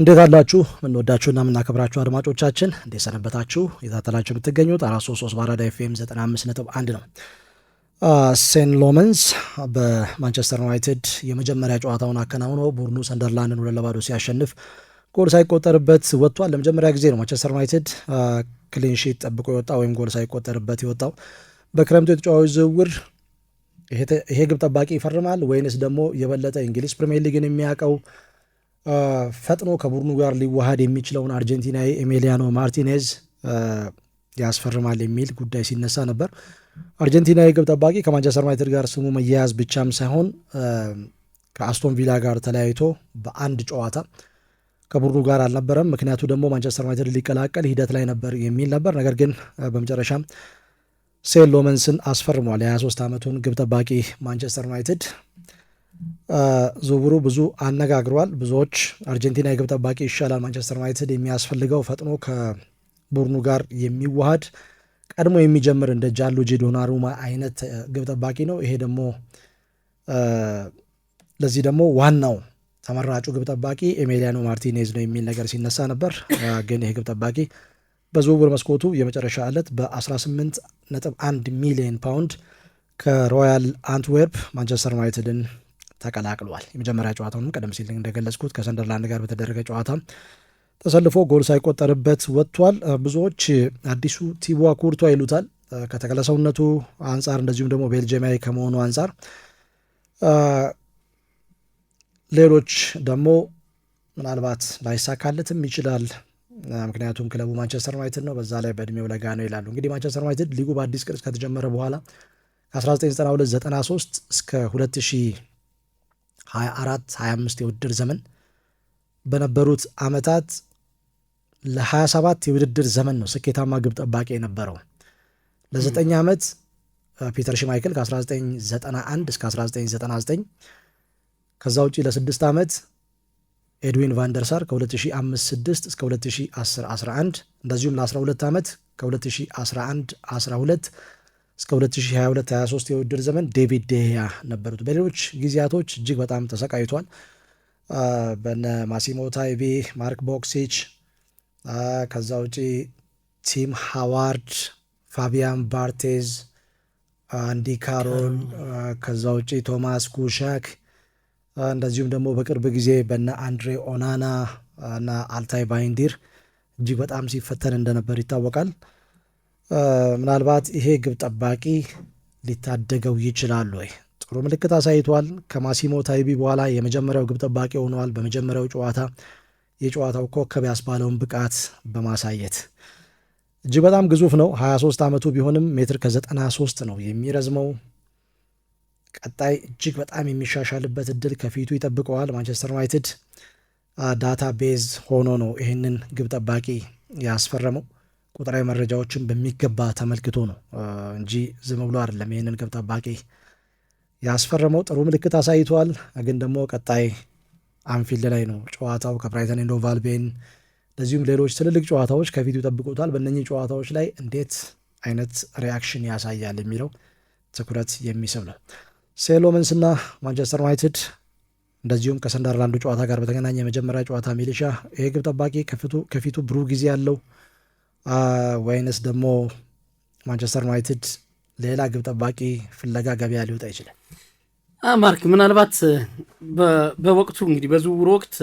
እንዴት አላችሁ? ምንወዳችሁና ምናከብራችሁ አድማጮቻችን እንዴት ሰነበታችሁ? የታተላችሁ የምትገኙት አራት ሶስት ሶስት በአራዳ ኤፍ ኤም ዘጠና አምስት ነጥብ አንድ ነው። ሴን ሎመንስ በማንቸስተር ዩናይትድ የመጀመሪያ ጨዋታውን አከናውኖ ቡድኑ ሰንደርላንድን ሁለት ለባዶ ሲያሸንፍ ጎል ሳይቆጠርበት ወጥቷል። ለመጀመሪያ ጊዜ ነው ማንቸስተር ዩናይትድ ክሊንሺት ጠብቆ የወጣ ወይም ጎል ሳይቆጠርበት የወጣው። በክረምቱ የተጫዋች ዝውውር ይሄ ግብ ጠባቂ ይፈርማል ወይንስ ደግሞ የበለጠ እንግሊዝ ፕሪሚየር ሊግን የሚያውቀው ፈጥኖ ከቡድኑ ጋር ሊዋሃድ የሚችለውን አርጀንቲናዊ ኤሜሊያኖ ማርቲኔዝ ያስፈርማል የሚል ጉዳይ ሲነሳ ነበር። አርጀንቲና የግብ ጠባቂ ከማንቸስተር ዩናይትድ ጋር ስሙ መያያዝ ብቻም ሳይሆን ከአስቶን ቪላ ጋር ተለያይቶ በአንድ ጨዋታ ከቡድኑ ጋር አልነበረም። ምክንያቱ ደግሞ ማንቸስተር ዩናይትድ ሊቀላቀል ሂደት ላይ ነበር የሚል ነበር። ነገር ግን በመጨረሻም ሴን ሎመንስን አስፈርሟል። የ23 ዓመቱን ግብ ጠባቂ ማንቸስተር ዩናይትድ ዝውውሩ ብዙ አነጋግሯል። ብዙዎች አርጀንቲና የግብ ጠባቂ ይሻላል፣ ማንቸስተር ዩናይትድ የሚያስፈልገው ፈጥኖ ከቡድኑ ጋር የሚዋሃድ ቀድሞ የሚጀምር እንደ ጂያንሉጂ ዶናሩማ አይነት ግብ ጠባቂ ነው። ይሄ ደግሞ ለዚህ ደግሞ ዋናው ተመራጩ ግብ ጠባቂ ኤሜሊያኖ ማርቲኔዝ ነው የሚል ነገር ሲነሳ ነበር። ግን ይሄ ግብ ጠባቂ በዝውውር መስኮቱ የመጨረሻ ዕለት በ 1 ሚሊዮን ፓውንድ ከሮያል አንትዌርፕ ማንቸስተር ዩናይትድን ተቀላቅሏል። የመጀመሪያ ጨዋታውንም ቀደም ሲል እንደገለጽኩት ከሰንደርላንድ ጋር በተደረገ ጨዋታ ተሰልፎ ጎል ሳይቆጠርበት ወጥቷል። ብዙዎች አዲሱ ቲቧ ኩርቷ ይሉታል። ከተክለ ሰውነቱ አንጻር እንደዚሁም ደግሞ ቤልጅማዊ ከመሆኑ አንጻር ሌሎች ደግሞ ምናልባት ላይሳካለትም ይችላል። ምክንያቱም ክለቡ ማንቸስተር ዩናይትድ ነው፣ በዛ ላይ በእድሜው ለጋ ነው ይላሉ። እንግዲህ ማንቸስተር ዩናይትድ ሊጉ በአዲስ ቅርጽ ከተጀመረ በኋላ ከ1992 93 እስከ 2000 24 25 የውድድር ዘመን በነበሩት ዓመታት ለ27 የውድድር ዘመን ነው ስኬታማ ግብ ጠባቂ የነበረው። ለ ለ9 ዓመት ፒተር ሽማይክል ከ1991 እስከ 1999 ከዛ ውጪ ለ6 ዓመት ኤድዊን ቫንደርሳር ከ2005/6 እስከ 2010/11 እንደዚሁም ለ12 ዓመት ከ2011/12 እስከ 2022/23 የውድድር ዘመን ዴቪድ ዴያ ነበሩት። በሌሎች ጊዜያቶች እጅግ በጣም ተሰቃይቷል። በነ ማሲሞ ታይቪ፣ ማርክ ቦክሲች፣ ከዛ ውጪ ቲም ሃዋርድ፣ ፋቢያን ባርቴዝ፣ አንዲ ካሮል፣ ከዛ ውጪ ቶማስ ኩሻክ እንደዚሁም ደግሞ በቅርብ ጊዜ በነ አንድሬ ኦናና እና አልታይ ባይንዲር እጅግ በጣም ሲፈተን እንደነበር ይታወቃል። ምናልባት ይሄ ግብ ጠባቂ ሊታደገው ይችላል ወይ? ጥሩ ምልክት አሳይቷል። ከማሲሞ ታይቢ በኋላ የመጀመሪያው ግብ ጠባቂ ሆነዋል። በመጀመሪያው ጨዋታ የጨዋታው ኮከብ ያስባለውን ብቃት በማሳየት እጅግ በጣም ግዙፍ ነው። 23 ዓመቱ ቢሆንም ሜትር ከ93 ነው የሚረዝመው። ቀጣይ እጅግ በጣም የሚሻሻልበት እድል ከፊቱ ይጠብቀዋል። ማንቸስተር ዩናይትድ ዳታ ቤዝ ሆኖ ነው ይህንን ግብ ጠባቂ ያስፈረመው። ቁጥራዊ መረጃዎችን በሚገባ ተመልክቶ ነው እንጂ ዝም ብሎ አይደለም። ይህንን ግብ ጠባቂ ያስፈረመው ጥሩ ምልክት አሳይቷል። ግን ደግሞ ቀጣይ አንፊልድ ላይ ነው ጨዋታው ከብራይተን ኤንድ ቫልቤን እንደዚሁም ሌሎች ትልልቅ ጨዋታዎች ከፊቱ ይጠብቁታል። በእነኚህ ጨዋታዎች ላይ እንዴት አይነት ሪያክሽን ያሳያል የሚለው ትኩረት የሚስብ ነው። ሴሎመንስና ማንቸስተር ዩናይትድ እንደዚሁም ከሰንደርላንዱ ጨዋታ ጋር በተገናኘ የመጀመሪያ ጨዋታ ሚሊሻ ይሄ ግብ ጠባቂ ከፊቱ ብሩህ ጊዜ ያለው ወይንስ ደግሞ ማንቸስተር ዩናይትድ ሌላ ግብ ጠባቂ ፍለጋ ገበያ ሊወጣ ይችላል? ማርክ ምናልባት በወቅቱ እንግዲህ በዝውውሩ ወቅት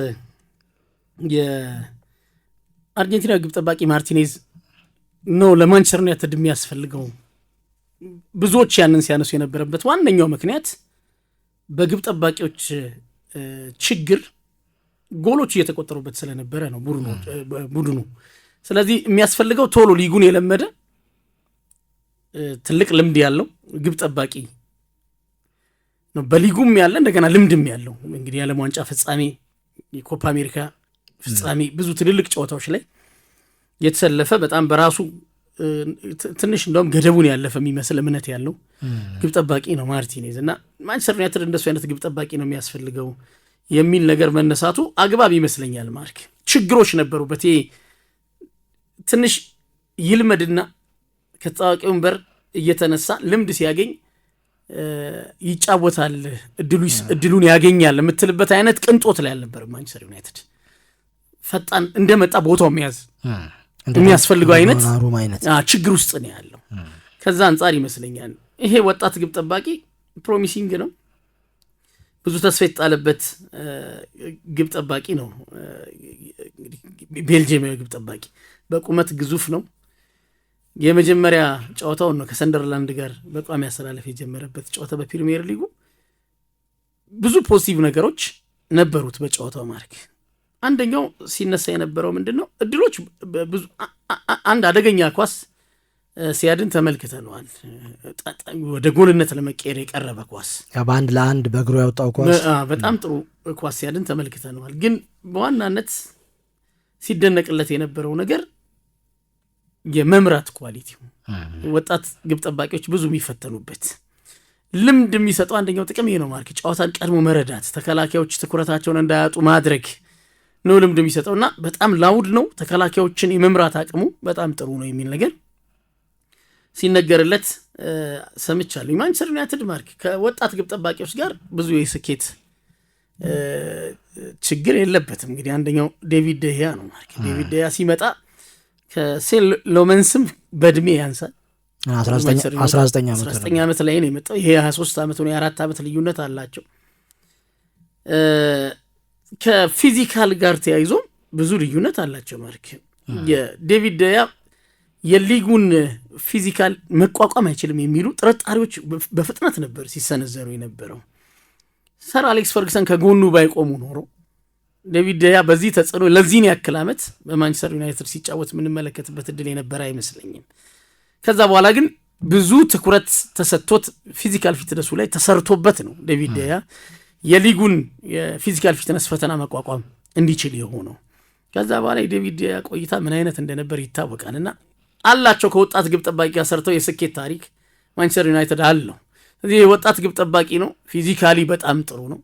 የአርጀንቲና ግብ ጠባቂ ማርቲኔዝ ነው ለማንቸስተር ዩናይትድ የሚያስፈልገው ብዙዎች ያንን ሲያነሱ የነበረበት ዋነኛው ምክንያት በግብ ጠባቂዎች ችግር ጎሎች እየተቆጠሩበት ስለነበረ ነው ቡድኑ ስለዚህ የሚያስፈልገው ቶሎ ሊጉን የለመደ ትልቅ ልምድ ያለው ግብ ጠባቂ ነው። በሊጉም ያለ እንደገና ልምድም ያለው እንግዲህ የዓለም ዋንጫ ፍጻሜ፣ የኮፓ አሜሪካ ፍጻሜ፣ ብዙ ትልልቅ ጨዋታዎች ላይ የተሰለፈ በጣም በራሱ ትንሽ እንደውም ገደቡን ያለፈ የሚመስል እምነት ያለው ግብ ጠባቂ ነው ማርቲኔዝ እና ማንቸስተር ዩናይትድ እንደሱ አይነት ግብ ጠባቂ ነው የሚያስፈልገው የሚል ነገር መነሳቱ አግባብ ይመስለኛል። ማርክ ችግሮች ነበሩበት። ትንሽ ይልመድና ከተጣዋቂው ወንበር እየተነሳ ልምድ ሲያገኝ ይጫወታል፣ እድሉን ያገኛል የምትልበት አይነት ቅንጦት ላይ አልነበርም ማንቸስተር ዩናይትድ። ፈጣን እንደመጣ ቦታው የሚያዝ የሚያስፈልገው አይነት ችግር ውስጥ ነው ያለው። ከዛ አንጻር ይመስለኛል ይሄ ወጣት ግብ ጠባቂ ፕሮሚሲንግ ነው፣ ብዙ ተስፋ የተጣለበት ግብ ጠባቂ ነው። ቤልጅየማዊ ግብ ጠባቂ በቁመት ግዙፍ ነው። የመጀመሪያ ጨዋታውን ነው ከሰንደርላንድ ጋር በቋሚ አሰላለፍ የጀመረበት ጨዋታ በፕሪሚየር ሊጉ። ብዙ ፖዚቲቭ ነገሮች ነበሩት በጨዋታው ማርክ። አንደኛው ሲነሳ የነበረው ምንድን ነው እድሎች ብዙ አንድ አደገኛ ኳስ ሲያድን ተመልክተነዋል። ወደ ጎልነት ለመቀየር የቀረበ ኳስ በአንድ ለአንድ በእግሩ ያወጣው ኳስ በጣም ጥሩ ኳስ ሲያድን ተመልክተነዋል። ግን በዋናነት ሲደነቅለት የነበረው ነገር የመምራት ኳሊቲው ወጣት ግብ ጠባቂዎች ብዙ የሚፈተኑበት ልምድ የሚሰጠው አንደኛው ጥቅም ይሄ ነው። ማርክ ጨዋታን ቀድሞ መረዳት፣ ተከላካዮች ትኩረታቸውን እንዳያጡ ማድረግ ነው ልምድ የሚሰጠው እና በጣም ላውድ ነው። ተከላካዮችን የመምራት አቅሙ በጣም ጥሩ ነው የሚል ነገር ሲነገርለት ሰምቻለሁ። ማንቸስተር ዩናይትድ ማርክ ከወጣት ግብ ጠባቂዎች ጋር ብዙ የስኬት ችግር የለበትም። እንግዲህ አንደኛው ዴቪድ ደህያ ነው። ማርክ ዴቪድ ደህያ ሲመጣ ከሴን ሎመንስም በእድሜ ያንሳል። አስራዘጠኝ ዓመት ላይ ነው የመጣው። ይሄ ሀያ ሶስት ዓመት ነው የአራት ዓመት ልዩነት አላቸው። ከፊዚካል ጋር ተያይዞ ብዙ ልዩነት አላቸው። ማርክ የዴቪድ ደያ የሊጉን ፊዚካል መቋቋም አይችልም የሚሉ ጥርጣሬዎች በፍጥነት ነበር ሲሰነዘሩ የነበረው። ሰር አሌክስ ፈርግሰን ከጎኑ ባይቆሙ ኖሮ ዴቪድ ደያ በዚህ ተጽዕኖ ለዚህን ያክል ዓመት በማንቸስተር ዩናይትድ ሲጫወት የምንመለከትበት እድል የነበረ አይመስለኝም። ከዛ በኋላ ግን ብዙ ትኩረት ተሰጥቶት ፊዚካል ፊትነሱ ላይ ተሰርቶበት ነው ዴቪድ ደያ የሊጉን የፊዚካል ፊትነስ ፈተና መቋቋም እንዲችል የሆነው። ከዛ በኋላ የዴቪድ ደያ ቆይታ ምን አይነት እንደነበር ይታወቃል። እና አላቸው ከወጣት ግብ ጠባቂ ሰርተው የስኬት ታሪክ ማንቸስተር ዩናይትድ አለው። ስለዚህ ወጣት ግብ ጠባቂ ነው። ፊዚካሊ በጣም ጥሩ ነው።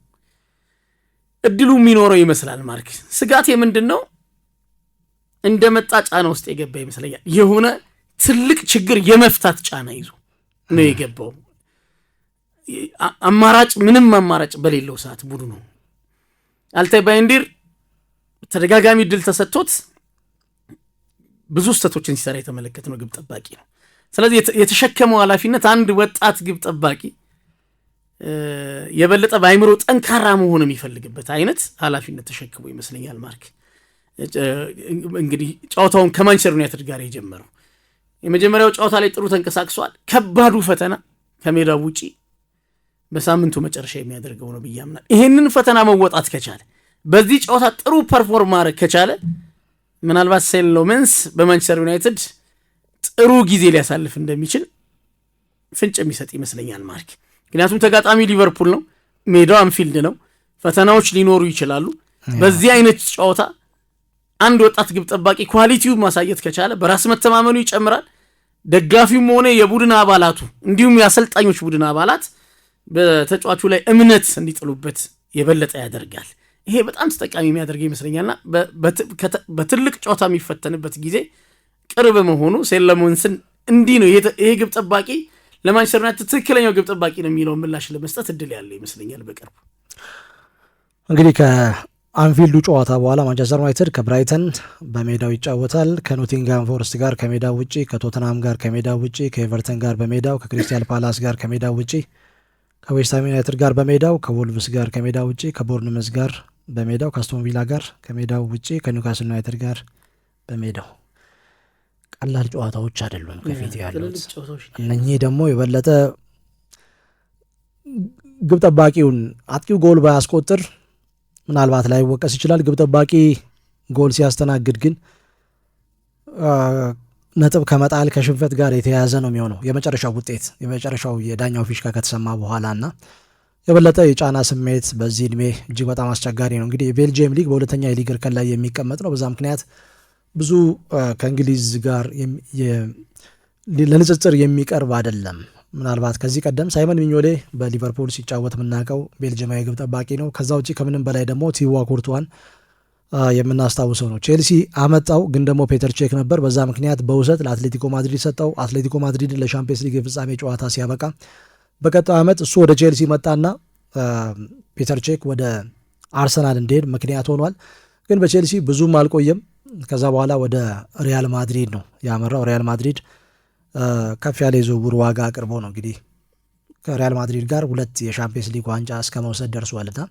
እድሉ የሚኖረው ይመስላል። ማርክ ስጋት የምንድን ነው? እንደ መጣ ጫና ውስጥ የገባ ይመስለኛል። የሆነ ትልቅ ችግር የመፍታት ጫና ይዞ ነው የገባው። አማራጭ ምንም አማራጭ በሌለው ሰዓት ቡድኑ ነው። አልታይ ባይንዲር ተደጋጋሚ ድል ተሰጥቶት ብዙ ስህተቶችን ሲሰራ የተመለከት ነው ግብ ጠባቂ ነው። ስለዚህ የተሸከመው ኃላፊነት አንድ ወጣት ግብ ጠባቂ የበለጠ በአይምሮ ጠንካራ መሆን የሚፈልግበት አይነት ኃላፊነት ተሸክሞ ይመስለኛል ማርክ እንግዲህ ጨዋታውን ከማንቸስተር ዩናይትድ ጋር የጀመረው የመጀመሪያው ጨዋታ ላይ ጥሩ ተንቀሳቅሷል። ከባዱ ፈተና ከሜዳው ውጪ በሳምንቱ መጨረሻ የሚያደርገው ነው ብዬ አምናለሁ። ይህንን ፈተና መወጣት ከቻለ በዚህ ጨዋታ ጥሩ ፐርፎርም ማድረግ ከቻለ ምናልባት ሴን ሎሜንስ በማንቸስተር ዩናይትድ ጥሩ ጊዜ ሊያሳልፍ እንደሚችል ፍንጭ የሚሰጥ ይመስለኛል ማርክ ምክንያቱም ተጋጣሚ ሊቨርፑል ነው፣ ሜዳው አንፊልድ ነው፣ ፈተናዎች ሊኖሩ ይችላሉ። በዚህ አይነት ጨዋታ አንድ ወጣት ግብ ጠባቂ ኳሊቲውን ማሳየት ከቻለ በራስ መተማመኑ ይጨምራል። ደጋፊውም ሆነ የቡድን አባላቱ እንዲሁም የአሰልጣኞች ቡድን አባላት በተጫዋቹ ላይ እምነት እንዲጥሉበት የበለጠ ያደርጋል። ይሄ በጣም ተጠቃሚ የሚያደርገ ይመስለኛልና በትልቅ ጨዋታ የሚፈተንበት ጊዜ ቅርብ መሆኑ ሴለሞንስን እንዲህ ነው ይሄ ግብ ጠባቂ ለማንቸስተር ዩናይትድ ትክክለኛው ግብ ጠባቂ ነው የሚለውን ምላሽ ለመስጠት እድል ያለ ይመስለኛል። በቅርቡ እንግዲህ ከአንፊልዱ ጨዋታ በኋላ ማንቸስተር ዩናይትድ ከብራይተን በሜዳው ይጫወታል። ከኖቲንጋም ፎረስት ጋር ከሜዳው ውጪ፣ ከቶተንሃም ጋር ከሜዳው ውጪ፣ ከኤቨርተን ጋር በሜዳው ከክሪስታል ፓላስ ጋር ከሜዳው ውጪ፣ ከዌስትሃም ዩናይትድ ጋር በሜዳው ከቮልቭስ ጋር ከሜዳው ውጪ፣ ከቦርንመዝ ጋር በሜዳው ከአስቶን ቪላ ጋር ከሜዳው ውጪ፣ ከኒውካስል ዩናይትድ ጋር በሜዳው ቀላል ጨዋታዎች አይደሉም ከፊት ያሉት። እነኚህ ደግሞ የበለጠ ግብ ጠባቂውን አጥቂው ጎል ባያስቆጥር ምናልባት ላይወቀስ ይችላል። ግብ ጠባቂ ጎል ሲያስተናግድ ግን ነጥብ ከመጣል ከሽንፈት ጋር የተያያዘ ነው የሚሆነው የመጨረሻው ውጤት የመጨረሻው የዳኛው ፊሽካ ከተሰማ በኋላ እና የበለጠ የጫና ስሜት በዚህ እድሜ እጅግ በጣም አስቸጋሪ ነው። እንግዲህ የቤልጅየም ሊግ በሁለተኛ የሊግ እርከን ላይ የሚቀመጥ ነው። በዛ ምክንያት ብዙ ከእንግሊዝ ጋር ለንጽጽር የሚቀርብ አይደለም። ምናልባት ከዚህ ቀደም ሳይመን ሚኞሌ በሊቨርፑል ሲጫወት የምናውቀው ቤልጅማዊ ግብ ጠባቂ ነው። ከዛ ውጭ ከምንም በላይ ደግሞ ቲዋ ኩርቷን የምናስታውሰው ነው። ቼልሲ አመጣው፣ ግን ደግሞ ፔተር ቼክ ነበር። በዛ ምክንያት በውሰት ለአትሌቲኮ ማድሪድ ሰጠው። አትሌቲኮ ማድሪድ ለሻምፒየንስ ሊግ የፍጻሜ ጨዋታ ሲያበቃ በቀጣዩ ዓመት እሱ ወደ ቼልሲ መጣና ፔተር ቼክ ወደ አርሰናል እንዲሄድ ምክንያት ሆኗል። ግን በቼልሲ ብዙም አልቆየም። ከዛ በኋላ ወደ ሪያል ማድሪድ ነው ያመራው። ሪያል ማድሪድ ከፍ ያለ የዝውውር ዋጋ አቅርቦ ነው እንግዲህ ከሪያል ማድሪድ ጋር ሁለት የሻምፒየንስ ሊግ ዋንጫ እስከ መውሰድ ደርሷልና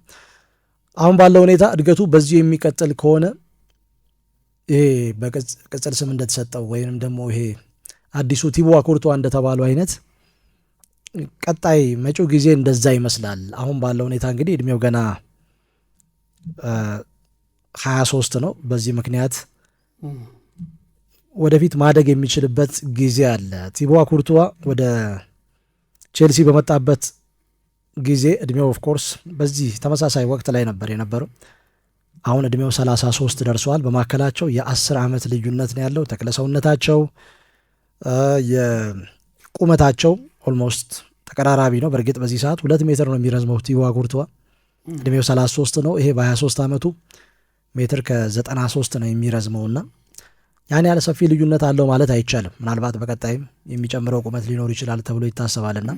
አሁን ባለው ሁኔታ እድገቱ በዚሁ የሚቀጥል ከሆነ ይሄ በቅጽል ስም እንደተሰጠው ወይም ደግሞ ይሄ አዲሱ ቲቦ አኩርቶ እንደተባለው አይነት ቀጣይ መጪው ጊዜ እንደዛ ይመስላል። አሁን ባለው ሁኔታ እንግዲህ እድሜው ገና ሶስት ነው። በዚህ ምክንያት ወደፊት ማደግ የሚችልበት ጊዜ አለ። ቲቦ ኩርቱዋ ወደ ቼልሲ በመጣበት ጊዜ እድሜው ኦፍ ኮርስ በዚህ ተመሳሳይ ወቅት ላይ ነበር የነበረው። አሁን እድሜው 33 ደርሰዋል። በማከላቸው የአስር ዓመት ልዩነት ነው ያለው። ተክለሰውነታቸው የቁመታቸው ኦልሞስት ተቀራራቢ ነው። በእርግጥ በዚህ ሰዓት ሁለት ሜትር ነው የሚረዝመው ቲቦ ኩርቱዋ እድሜው 33 ነው። ይሄ በ23 ዓመቱ ሜትር ከ93 ነው የሚረዝመውና ያን ያለ ሰፊ ልዩነት አለው ማለት አይቻልም። ምናልባት በቀጣይም የሚጨምረው ቁመት ሊኖር ይችላል ተብሎ ይታሰባልና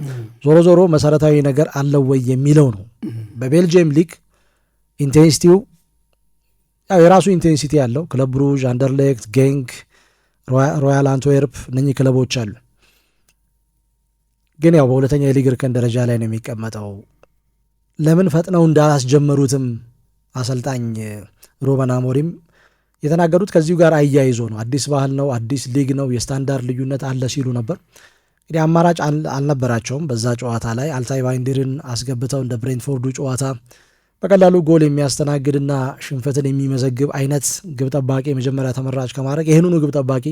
ዞሮ ዞሮ መሰረታዊ ነገር አለው ወይ የሚለው ነው። በቤልጅየም ሊግ ኢንቴንሲቲው ያው የራሱ ኢንቴንሲቲ ያለው ክለብ ብሩዥ፣ አንደርሌክት፣ ጌንግ፣ ሮያል አንትዌርፕ እነኚህ ክለቦች አሉ። ግን ያው በሁለተኛ የሊግ እርከን ደረጃ ላይ ነው የሚቀመጠው። ለምን ፈጥነው እንዳላስጀመሩትም አሰልጣኝ ሩበን አሞሪም የተናገሩት ከዚሁ ጋር አያይዞ ነው። አዲስ ባህል ነው፣ አዲስ ሊግ ነው፣ የስታንዳርድ ልዩነት አለ ሲሉ ነበር። እንግዲህ አማራጭ አልነበራቸውም በዛ ጨዋታ ላይ አልታይ ባይንዲርን አስገብተው እንደ ብሬንትፎርዱ ጨዋታ በቀላሉ ጎል የሚያስተናግድና ሽንፈትን የሚመዘግብ አይነት ግብ ጠባቂ የመጀመሪያ ተመራጭ ከማድረግ ይህንኑ ግብ ጠባቂ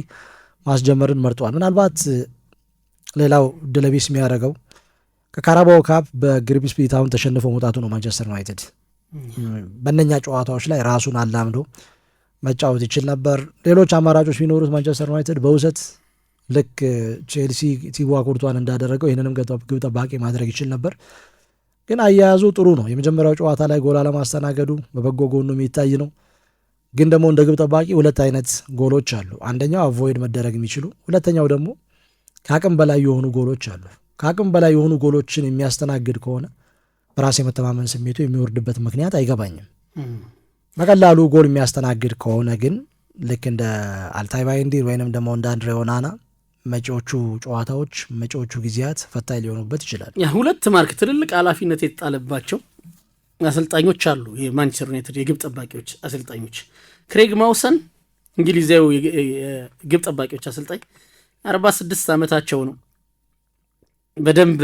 ማስጀመርን መርጧል። ምናልባት ሌላው ድለቢስ የሚያደርገው ከካራባው ካፕ በግሪምስቢ ታውን ተሸንፎ መውጣቱ ነው ማንቸስተር ዩናይትድ በእነኛ ጨዋታዎች ላይ ራሱን አላምዶ መጫወት ይችል ነበር። ሌሎች አማራጮች ቢኖሩት ማንቸስተር ዩናይትድ በውሰት ልክ ቼልሲ ቲቦ ኮርቷን እንዳደረገው ይህንንም ግብ ጠባቂ ማድረግ ይችል ነበር። ግን አያያዙ ጥሩ ነው። የመጀመሪያው ጨዋታ ላይ ጎል አለማስተናገዱ በበጎ ጎኑ የሚታይ ነው። ግን ደግሞ እንደ ግብ ጠባቂ ሁለት አይነት ጎሎች አሉ። አንደኛው አቮይድ መደረግ የሚችሉ ሁለተኛው ደግሞ ከአቅም በላይ የሆኑ ጎሎች አሉ። ከአቅም በላይ የሆኑ ጎሎችን የሚያስተናግድ ከሆነ በራስ የመተማመን ስሜቱ የሚወርድበት ምክንያት አይገባኝም። በቀላሉ ጎል የሚያስተናግድ ከሆነ ግን ልክ እንደ አልታይ ባይንዲር ወይንም ደግሞ እንደ አንድሬ ኦናና መጪዎቹ ጨዋታዎች መጪዎቹ ጊዜያት ፈታኝ ሊሆኑበት ይችላል። ሁለት ማርክ ትልልቅ ኃላፊነት የተጣለባቸው አሰልጣኞች አሉ። የማንቸስተር ዩናይትድ የግብ ጠባቂዎች አሰልጣኞች ክሬግ ማውሰን እንግሊዛዊ የግብ ጠባቂዎች አሰልጣኝ አርባ ስድስት ዓመታቸው ነው። በደንብ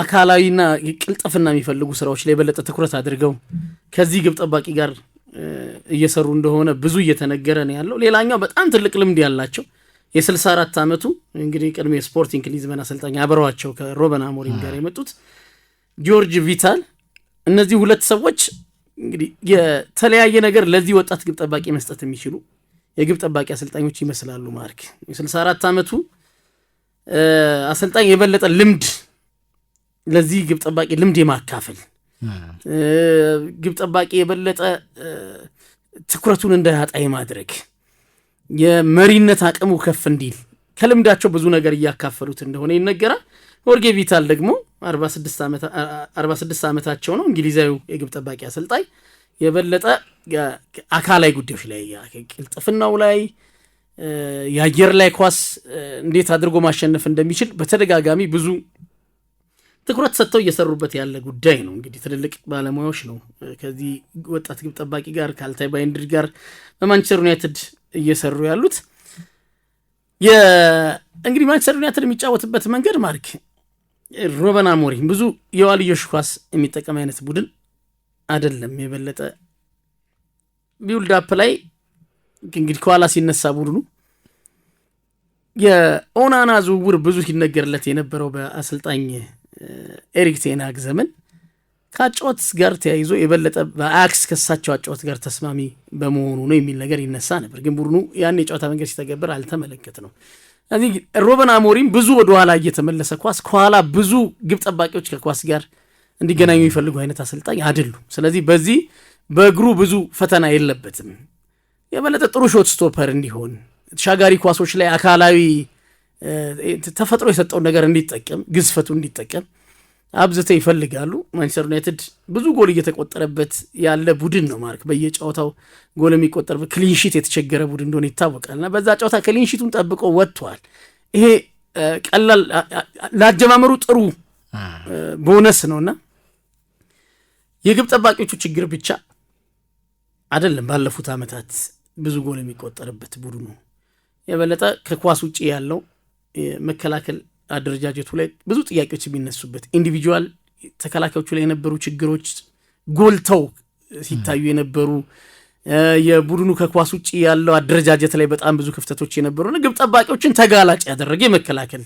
አካላዊና ቅልጥፍና የሚፈልጉ ስራዎች ላይ የበለጠ ትኩረት አድርገው ከዚህ ግብ ጠባቂ ጋር እየሰሩ እንደሆነ ብዙ እየተነገረ ነው ያለው። ሌላኛው በጣም ትልቅ ልምድ ያላቸው የ64 ዓመቱ እንግዲህ ቅድሜ ስፖርቲንግ ሊዝበን አሰልጣኝ አብረዋቸው ከሮበን አሞሪም ጋር የመጡት ጊዮርጅ ቪታል። እነዚህ ሁለት ሰዎች እንግዲህ የተለያየ ነገር ለዚህ ወጣት ግብ ጠባቂ መስጠት የሚችሉ የግብ ጠባቂ አሰልጣኞች ይመስላሉ። ማርክ የ64 ዓመቱ አሰልጣኝ የበለጠ ልምድ ለዚህ ግብ ጠባቂ ልምድ የማካፈል ግብ ጠባቂ የበለጠ ትኩረቱን እንዳያጣ የማድረግ የመሪነት አቅሙ ከፍ እንዲል ከልምዳቸው ብዙ ነገር እያካፈሉት እንደሆነ ይነገራል። ሆርጌ ቪታል ደግሞ 46 ዓመታቸው ነው። እንግሊዛዊ የግብ ጠባቂ አሰልጣኝ የበለጠ አካላዊ ጉዳዮች ላይ ቅልጥፍናው ላይ የአየር ላይ ኳስ እንዴት አድርጎ ማሸነፍ እንደሚችል በተደጋጋሚ ብዙ ትኩረት ሰጥተው እየሰሩበት ያለ ጉዳይ ነው። እንግዲህ ትልልቅ ባለሙያዎች ነው ከዚህ ወጣት ግብ ጠባቂ ጋር ከአልታይ ባይንድድ ጋር በማንቸስተር ዩናይትድ እየሰሩ ያሉት። እንግዲህ ማንቸስተር ዩናይትድ የሚጫወትበት መንገድ ማርክ ሮበን አሞሪም ብዙ የዋልዮሽ ኳስ የሚጠቀም አይነት ቡድን አይደለም። የበለጠ ቢውልዳፕ ላይ እንግዲህ ከኋላ ሲነሳ ቡድኑ የኦናና ዝውውር ብዙ ሲነገርለት የነበረው በአሰልጣኝ ኤሪክ ቴናግ ዘመን ከአጨዋወት ጋር ተያይዞ የበለጠ በአያክስ ከሳቸው አጫወት ጋር ተስማሚ በመሆኑ ነው የሚል ነገር ይነሳ ነበር። ግን ቡድኑ ያን የጨዋታ መንገድ ሲተገብር አልተመለከት ነው። ስለዚህ ሮበን አሞሪም ብዙ ወደኋላ እየተመለሰ ኳስ ከኋላ ብዙ ግብ ጠባቂዎች ከኳስ ጋር እንዲገናኙ የሚፈልጉ አይነት አሰልጣኝ አይደሉም። ስለዚህ በዚህ በእግሩ ብዙ ፈተና የለበትም። የበለጠ ጥሩ ሾት ስቶፐር እንዲሆን ተሻጋሪ ኳሶች ላይ አካላዊ ተፈጥሮ የሰጠውን ነገር እንዲጠቀም ግዝፈቱ እንዲጠቀም አብዝተው ይፈልጋሉ። ማንቸስተር ዩናይትድ ብዙ ጎል እየተቆጠረበት ያለ ቡድን ነው። ማርክ በየጨዋታው ጎል የሚቆጠርበት ክሊንሺት የተቸገረ ቡድን እንደሆነ ይታወቃል። እና በዛ ጨዋታ ክሊንሺቱን ጠብቆ ወጥቷል። ይሄ ቀላል ለአጀማመሩ ጥሩ ቦነስ እና የግብ ጠባቂዎቹ ችግር ብቻ አይደለም። ባለፉት ዓመታት ብዙ ጎል የሚቆጠርበት ቡድኑ የበለጠ ከኳስ ውጭ ያለው መከላከል አደረጃጀቱ ላይ ብዙ ጥያቄዎች የሚነሱበት ኢንዲቪጁዋል ተከላካዮቹ ላይ የነበሩ ችግሮች ጎልተው ሲታዩ የነበሩ የቡድኑ ከኳስ ውጭ ያለው አደረጃጀት ላይ በጣም ብዙ ክፍተቶች የነበሩ ግብ ጠባቂዎችን ተጋላጭ ያደረገ የመከላከል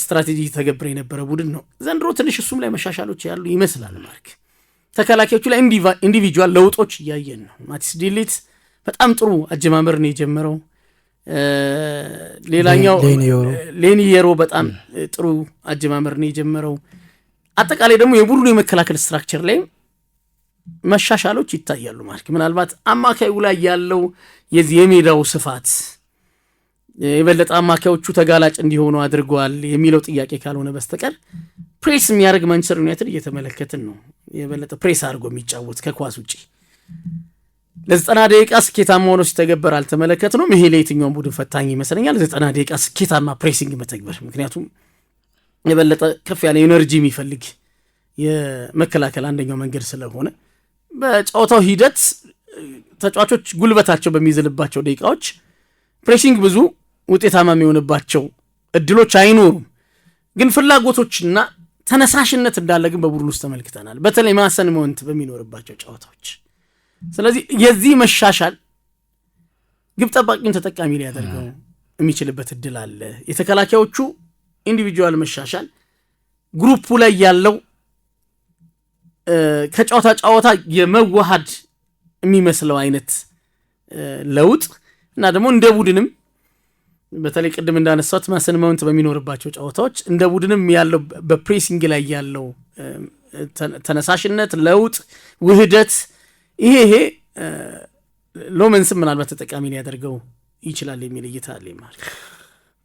ስትራቴጂ ተገብረ የነበረ ቡድን ነው። ዘንድሮ ትንሽ እሱም ላይ መሻሻሎች ያሉ ይመስላል። ማርክ ተከላካዮቹ ላይ ኢንዲቪጁዋል ለውጦች እያየን ነው። ማቲስ ዲሊት በጣም ጥሩ አጀማመር ነው የጀመረው። ሌላኛው ሌኒየሮ በጣም ጥሩ አጀማመር ነው የጀመረው። አጠቃላይ ደግሞ የቡድኑ የመከላከል ስትራክቸር ላይ መሻሻሎች ይታያሉ ማለት ምናልባት አማካዩ ላይ ያለው የዚህ የሜዳው ስፋት የበለጠ አማካዮቹ ተጋላጭ እንዲሆኑ አድርጓል የሚለው ጥያቄ ካልሆነ በስተቀር ፕሬስ የሚያደርግ ማንቸስተር ዩናይትድ እየተመለከትን ነው። የበለጠ ፕሬስ አድርጎ የሚጫወት ከኳስ ውጭ ለዘጠና ደቂቃ ስኬታማ ሆኖ ሲተገበር ነው። ይሄ ለየትኛውን ቡድን ፈታኝ ይመስለኛል፣ ዘጠና ደቂቃ ስኬታማ ፕሬሲንግ መተግበር። ምክንያቱም የበለጠ ከፍ ያለ ኤነርጂ የሚፈልግ የመከላከል አንደኛው መንገድ ስለሆነ በጨዋታው ሂደት ተጫዋቾች ጉልበታቸው በሚዝልባቸው ደቂቃዎች ፕሬሲንግ ብዙ ውጤታማ የሚሆንባቸው እድሎች አይኖሩም። ግን ፍላጎቶችና ተነሳሽነት እንዳለ ግን በቡድን ውስጥ ተመልክተናል። በተለይ ማሰን መወንት በሚኖርባቸው ጨዋታዎች ስለዚህ የዚህ መሻሻል ግብ ጠባቂን ተጠቃሚ ሊያደርገው የሚችልበት እድል አለ። የተከላካዮቹ ኢንዲቪጁዋል መሻሻል ግሩፑ ላይ ያለው ከጨዋታ ጨዋታ የመዋሃድ የሚመስለው አይነት ለውጥ እና ደግሞ እንደ ቡድንም በተለይ ቅድም እንዳነሳት ማሰን ማውንት በሚኖርባቸው ጨዋታዎች እንደ ቡድንም ያለው በፕሬሲንግ ላይ ያለው ተነሳሽነት ለውጥ፣ ውህደት ይሄ ይሄ ሎመንስም ምናልባት ተጠቃሚ ሊያደርገው ይችላል የሚል እይታ አለኝ። ማለት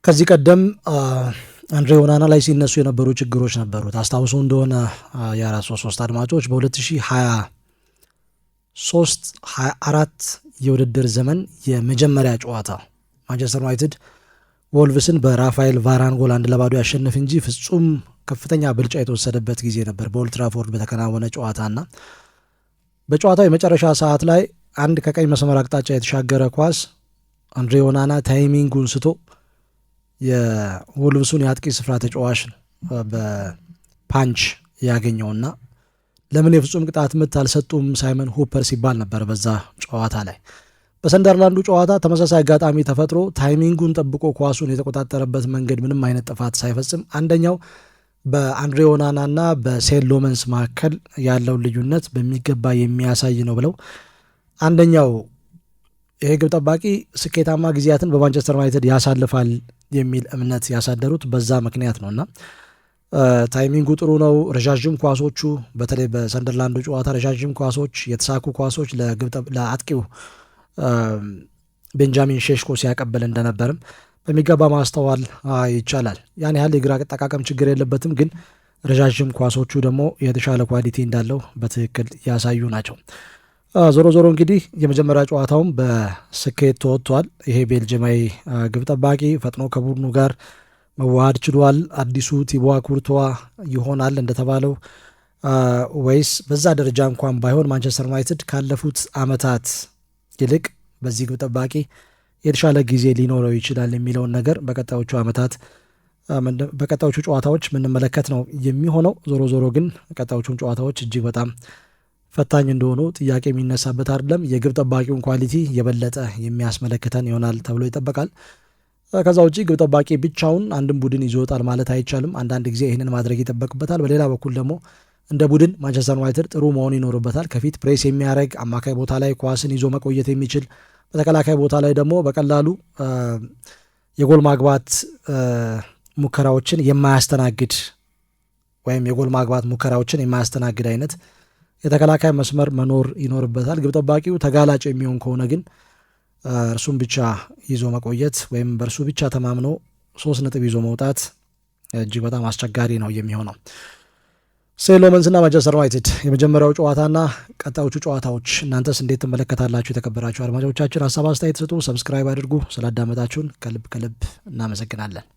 ከዚህ ቀደም አንድሬ ኦናና ላይ ሲነሱ የነበሩ ችግሮች ነበሩት። አስታውሶ እንደሆነ የአራት ሶስት ሶስት አድማጮች በ ሀያ አራት የውድድር ዘመን የመጀመሪያ ጨዋታ ማንቸስተር ዩናይትድ ወልቭስን በራፋኤል ቫራን ጎል አንድ ለባዶ ያሸንፍ እንጂ ፍጹም ከፍተኛ ብልጫ የተወሰደበት ጊዜ ነበር በኦልትራፎርድ በተከናወነ ጨዋታና በጨዋታው የመጨረሻ ሰዓት ላይ አንድ ከቀኝ መስመር አቅጣጫ የተሻገረ ኳስ አንድሬ ኦናና ታይሚንጉን ስቶ የወልብሱን የአጥቂ ስፍራ ተጫዋች በፓንች ያገኘውና ለምን የፍጹም ቅጣት ምት አልሰጡም ሳይመን ሁፐር ሲባል ነበር በዛ ጨዋታ ላይ። በሰንደርላንዱ ጨዋታ ተመሳሳይ አጋጣሚ ተፈጥሮ ታይሚንጉን ጠብቆ ኳሱን የተቆጣጠረበት መንገድ ምንም አይነት ጥፋት ሳይፈጽም አንደኛው በአንድሬ ኦናና እና በሴን ሎመንስ መካከል ያለውን ልዩነት በሚገባ የሚያሳይ ነው ብለው አንደኛው ይሄ ግብ ጠባቂ ስኬታማ ጊዜያትን በማንቸስተር ዩናይትድ ያሳልፋል የሚል እምነት ያሳደሩት በዛ ምክንያት ነው እና ታይሚንጉ ጥሩ ነው። ረዣዥም ኳሶቹ በተለይ በሰንደርላንዱ ጨዋታ ረዣዥም ኳሶች፣ የተሳኩ ኳሶች ለአጥቂው ቤንጃሚን ሼሽኮ ሲያቀብል እንደነበርም በሚገባ ማስተዋል ይቻላል። ያን ያህል የግራ አጠቃቀም ችግር የለበትም ግን ረዣዥም ኳሶቹ ደግሞ የተሻለ ኳሊቲ እንዳለው በትክክል ያሳዩ ናቸው። ዞሮ ዞሮ እንግዲህ የመጀመሪያ ጨዋታውም በስኬት ተወጥቷል። ይሄ ቤልጅማዊ ግብ ጠባቂ ፈጥኖ ከቡድኑ ጋር መዋሃድ ችሏል። አዲሱ ቲቦ ኩርቷ ይሆናል እንደተባለው ወይስ በዛ ደረጃ እንኳን ባይሆን ማንቸስተር ዩናይትድ ካለፉት አመታት ይልቅ በዚህ ግብ ጠባቂ የተሻለ ጊዜ ሊኖረው ይችላል የሚለውን ነገር በቀጣዮቹ ዓመታት በቀጣዮቹ ጨዋታዎች የምንመለከት ነው የሚሆነው። ዞሮ ዞሮ ግን ቀጣዮቹን ጨዋታዎች እጅግ በጣም ፈታኝ እንደሆኑ ጥያቄ የሚነሳበት አይደለም። የግብ ጠባቂውን ኳሊቲ የበለጠ የሚያስመለክተን ይሆናል ተብሎ ይጠበቃል። ከዛ ውጪ ግብ ጠባቂ ብቻውን አንድም ቡድን ይዞ ይወጣል ማለት አይቻልም። አንዳንድ ጊዜ ይህንን ማድረግ ይጠበቅበታል። በሌላ በኩል ደግሞ እንደ ቡድን ማንቸስተር ዩናይትድ ጥሩ መሆን ይኖርበታል። ከፊት ፕሬስ የሚያደርግ አማካይ ቦታ ላይ ኳስን ይዞ መቆየት የሚችል በተከላካይ ቦታ ላይ ደግሞ በቀላሉ የጎል ማግባት ሙከራዎችን የማያስተናግድ ወይም የጎል ማግባት ሙከራዎችን የማያስተናግድ አይነት የተከላካይ መስመር መኖር ይኖርበታል። ግብ ጠባቂው ተጋላጭ የሚሆን ከሆነ ግን እርሱም ብቻ ይዞ መቆየት ወይም በእርሱ ብቻ ተማምኖ ሶስት ነጥብ ይዞ መውጣት እጅግ በጣም አስቸጋሪ ነው የሚሆነው። ሴን ሎመንስና ማንቸስተር ዩናይትድ የመጀመሪያው ጨዋታና ቀጣዮቹ ጨዋታዎች እናንተስ እንዴት ትመለከታላችሁ? የተከበራችሁ አድማጮቻችን ሀሳብ አስተያየት ስጡ፣ ሰብስክራይብ አድርጉ። ስላዳመጣችሁን ከልብ ከልብ እናመሰግናለን።